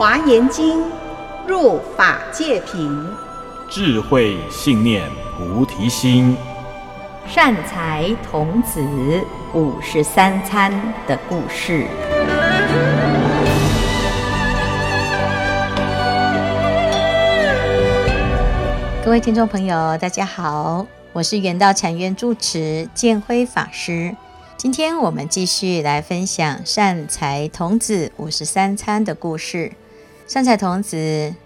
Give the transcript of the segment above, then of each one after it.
華嚴經入法界品，智慧信念菩提心，善財童子五十三參的故事。各位聽眾朋友，大家好，我是圓道禪院住持見輝法師。今天我們繼續來分享善財童子五十三參的故事。善財童子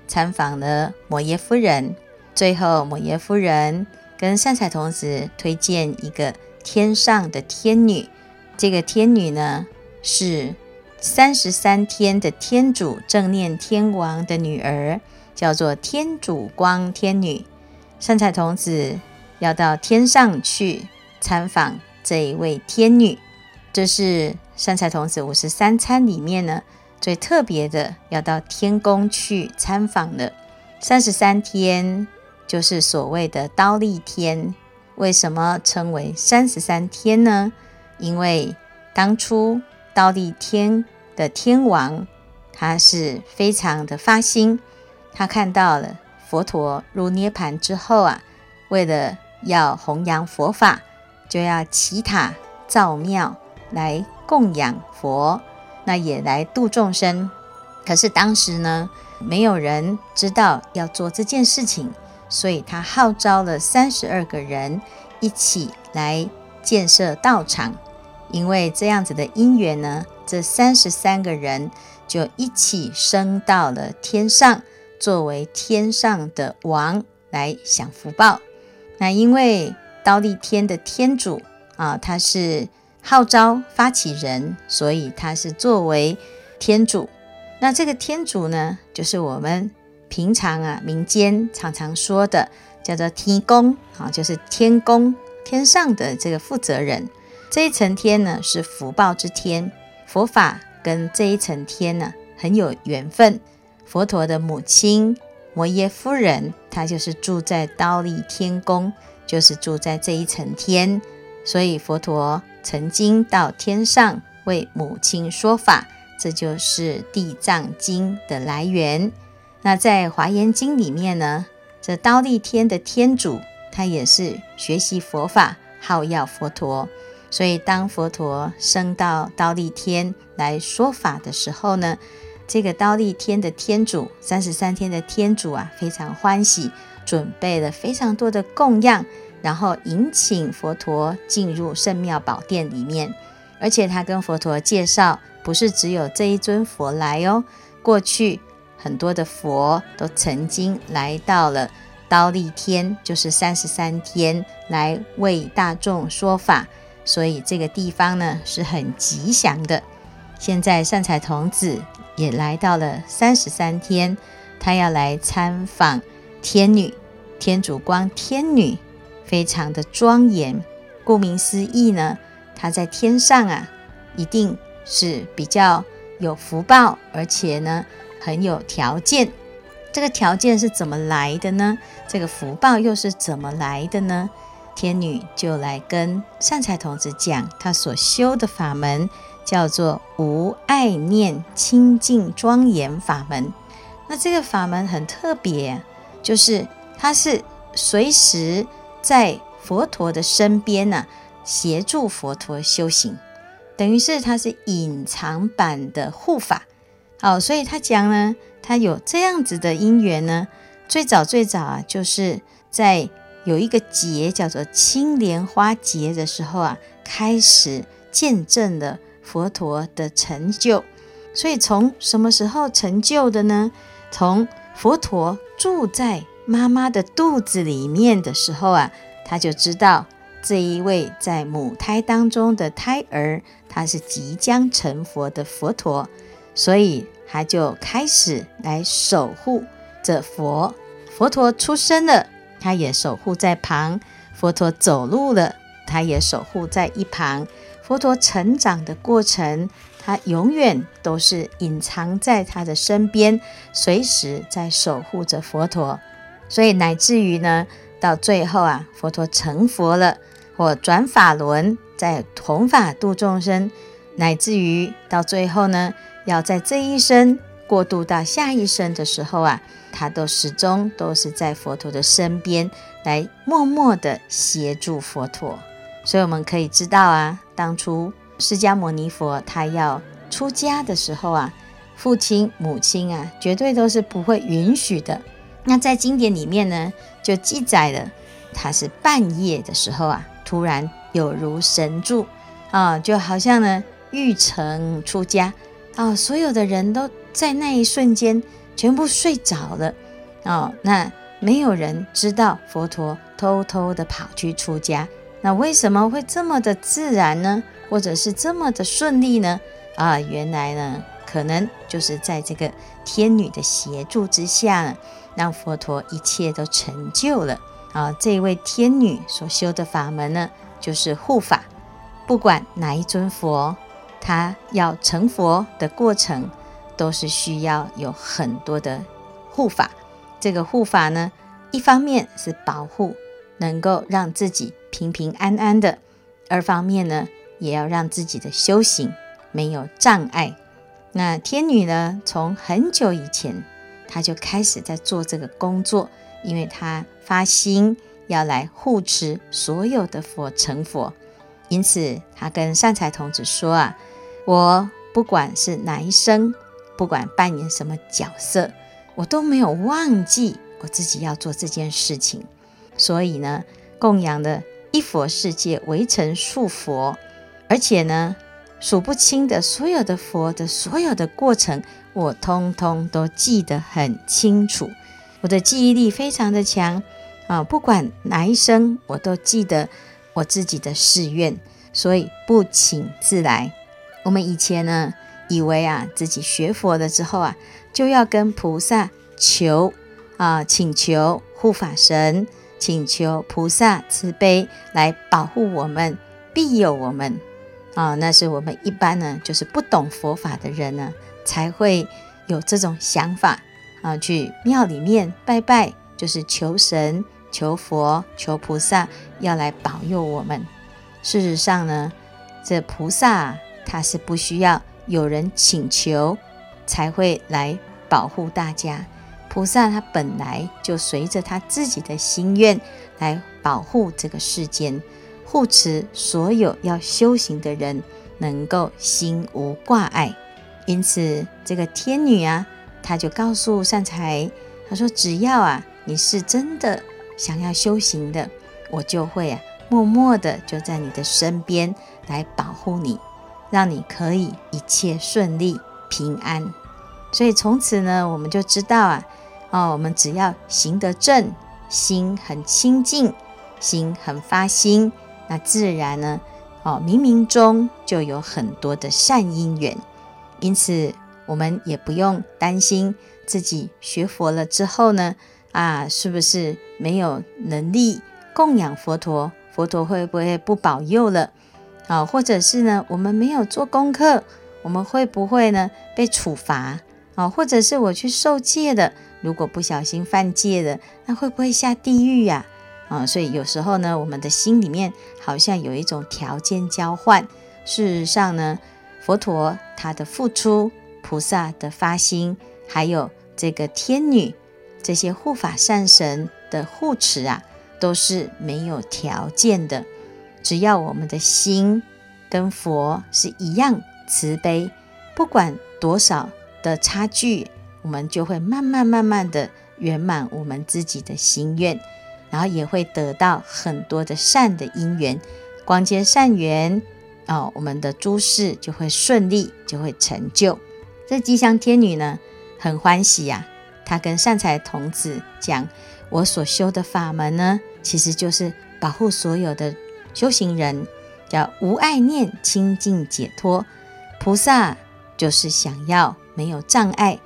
參訪了摩耶夫人，最後摩耶夫人跟善財童子推薦一個天上的天女。這個天女呢，是三十三天的天主正念天王的女兒，叫做天主光天女。善財童子要到天上去參訪這一位天女。這是善財童子五十三參裡面呢，最特別的，要到天宮去參訪的三十三天，就是所謂的忉利天。為什麼稱為三十三天呢？因為當初忉利天的天王，他是非常的發心，他看到了佛陀入涅槃之後啊，為了要弘揚佛法，就要起塔造廟來供養佛。那也來度眾生，可是當時呢，沒有人知道要做這件事情，所以他號召了三十二個人一起來建設道場。因為這樣子的因緣呢，這三十三個人就一起升到了天上，作為天上的王來享福報。那因為忉利天的天主啊，他是。號召發起人，所以他是作為天主。那這個天主呢，就是我們平常啊，民間常常說的，叫做天公啊，就是天公，天上的這個負責人。這一層天呢，是福報之天，佛法跟這一層天呢很有緣分。佛陀的母親摩耶夫人，她就是住在忉利天宮，就是住在這一層天，所以佛陀。曾經到天上為母親說法，這就是《地藏經》的來源。那在《華嚴經》裡面呢，這忉利天的天主，他也是學習佛法，好樂佛陀。所以當佛陀升到忉利天來說法的時候呢，這個忉利天的天主，三十三天的天主啊，非常歡喜，準備了非常多的供養。然後迎請佛陀進入聖廟寶殿裡面，而且他跟佛陀介紹，不是只有這一尊佛來哦。過去很多的佛都曾經來到了忉利天，就是三十三天來為大眾說法，所以這個地方呢，是很吉祥的。現在善財童子也來到了三十三天，他要來參訪天女，天主光天女。非常的莊嚴，顧名思義呢，它在天上啊，一定是比較有福報，而且呢很有條件。這個條件是怎麼來的呢？這個福報又是怎麼來的呢？天女就來跟善財童子講，她所修的法門叫做無礙念清淨莊嚴法門。那這個法門很特別，就是它是隨時。在佛陀的身邊呢、啊，協助佛陀修行，等於是他是隱藏版的護法。哦，所以他講呢，他有這樣子的因緣呢。最早最早啊，就是在有一個劫叫做青蓮花劫的時候啊，開始見證了佛陀的成就。所以從什麼時候成就的呢？從佛陀住在。媽媽的肚子裡面的時候啊，他就知道這一位在母胎當中的胎兒，他是即將成佛的佛陀，所以他就開始來守護著佛。佛陀出生了，他也守護在旁；佛陀走路了，他也守護在一旁；佛陀成長的過程，他永遠都是隱藏在他的身邊，隨時在守護着佛陀。所以乃至於呢，到最後啊，佛陀成佛了，或轉法輪，在弘法度眾生，乃至於到最後呢，要在這一生過渡到下一生的時候啊，他都始終都是在佛陀的身邊來默默的協助佛陀。所以我們可以知道啊，當初釋迦牟尼佛他要出家的時候啊，父親母親啊，絕對都是不會允許的。那在經典裡面呢，就記載了，他是半夜的時候啊，突然有如神助啊、哦，就好像呢逾城出家啊、哦，所有的人都在那一瞬間全部睡着了啊、哦，那沒有人知道佛陀偷偷的跑去出家，那為什麼會這麼的自然呢？或者是這麼的順利呢？啊，原來呢，可能就是在這個。天女的協助之下，讓佛陀一切都成就了啊！這位天女所修的法門呢，就是護法。不管哪一尊佛，他要成佛的過程，都是需要有很多的護法。這個護法呢，一方面是保護，能夠讓自己平平安安的；二方面呢，也要讓自己的修行沒有障礙。那天女呢，從很久以前，她就開始在做這個工作，因為她發心要來護持所有的佛成佛，因此她跟善財童子說啊，我不管是哪一生，不管扮演什麼角色，我都沒有忘記我自己要做這件事情，所以呢，供養了一佛世界微塵數佛，而且呢，數不清的所有的佛的所有的過程，我通通都記得很清楚。我的記憶力非常的強啊，不管哪一生，我都記得我自己的誓願，所以不請自來。我們以前呢，以為啊，自己學佛了之後啊，就要跟菩薩求啊，請求護法神，請求菩薩慈悲來保護我們，庇佑我們。啊、哦，那是我們一般呢，就是不懂佛法的人呢，才會有這種想法啊，去廟裡面拜拜，就是求神、求佛、求菩薩要來保佑我們。事實上呢，這菩薩他是不需要有人請求才會來保護大家。菩薩他本來就隨着他自己的心願來保護這個世間。護持所有要修行的人，能夠心無掛礙。因此，這個天女啊，她就告訴善財，她說：“只要啊，你是真的想要修行的，我就會啊，默默的就在你的身邊來保護你，讓你可以一切順利平安。”所以從此呢，我們就知道啊，哦，我們只要行得正，心很清淨，心很發心。那自然呢，哦，冥冥中就有很多的善因緣，因此我們也不用擔心自己學佛了之後呢，啊，是不是沒有能力供養佛陀？佛陀會不會不保佑了？哦、啊，或者是呢，我們沒有做功課，我們會不會呢，被處罰？哦、啊，或者是我去受戒的，如果不小心犯戒了，那會不會下地獄呀、啊？啊、哦，所以有時候呢，我們的心裡面好像有一種條件交換。事實上呢，佛陀他的付出，菩薩的發心，還有這個天女這些護法善神的護持啊，都是沒有條件的。只要我們的心跟佛是一樣慈悲，不管多少的差距，我們就會慢慢慢慢的圓滿我們自己的心願。然後也會得到很多的善的因緣，廣結善緣、哦、我們的諸事就會順利，就會成就。這吉祥天女呢，很歡喜呀、啊，她跟善財童子講，我所修的法門呢，其實就是保護所有的修行人，叫無礙念清淨解脫。菩薩就是想要沒有障礙，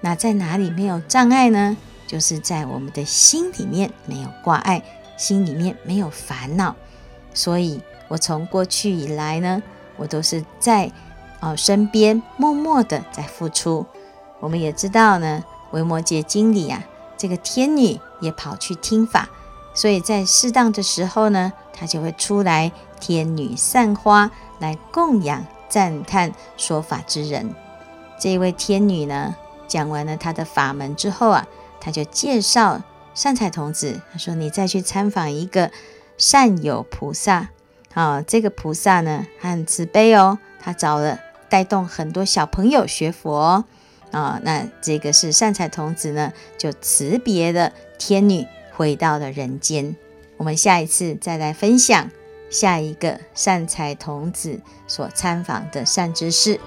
那在哪裡沒有障礙呢？就是在我們的心裡面沒有掛礙，心裡面沒有煩惱，所以我從過去以來呢，我都是在哦身邊默默的在付出。我們也知道呢，《維摩詰經》裡呀，這個天女也跑去聽法，所以在適當的時候呢，她就會出來。天女散花來供養、讚嘆說法之人。這位天女呢，講完了她的法門之後啊。他就介紹善財童子，他說：“你再去參訪一個善友菩薩，啊、哦，這個菩薩呢他很慈悲哦，他找了帶動很多小朋友學佛、哦，啊、哦，那這個是善財童子呢就辭別了天女回到了人間。我們下一次再來分享下一個善財童子所參訪的善知識。”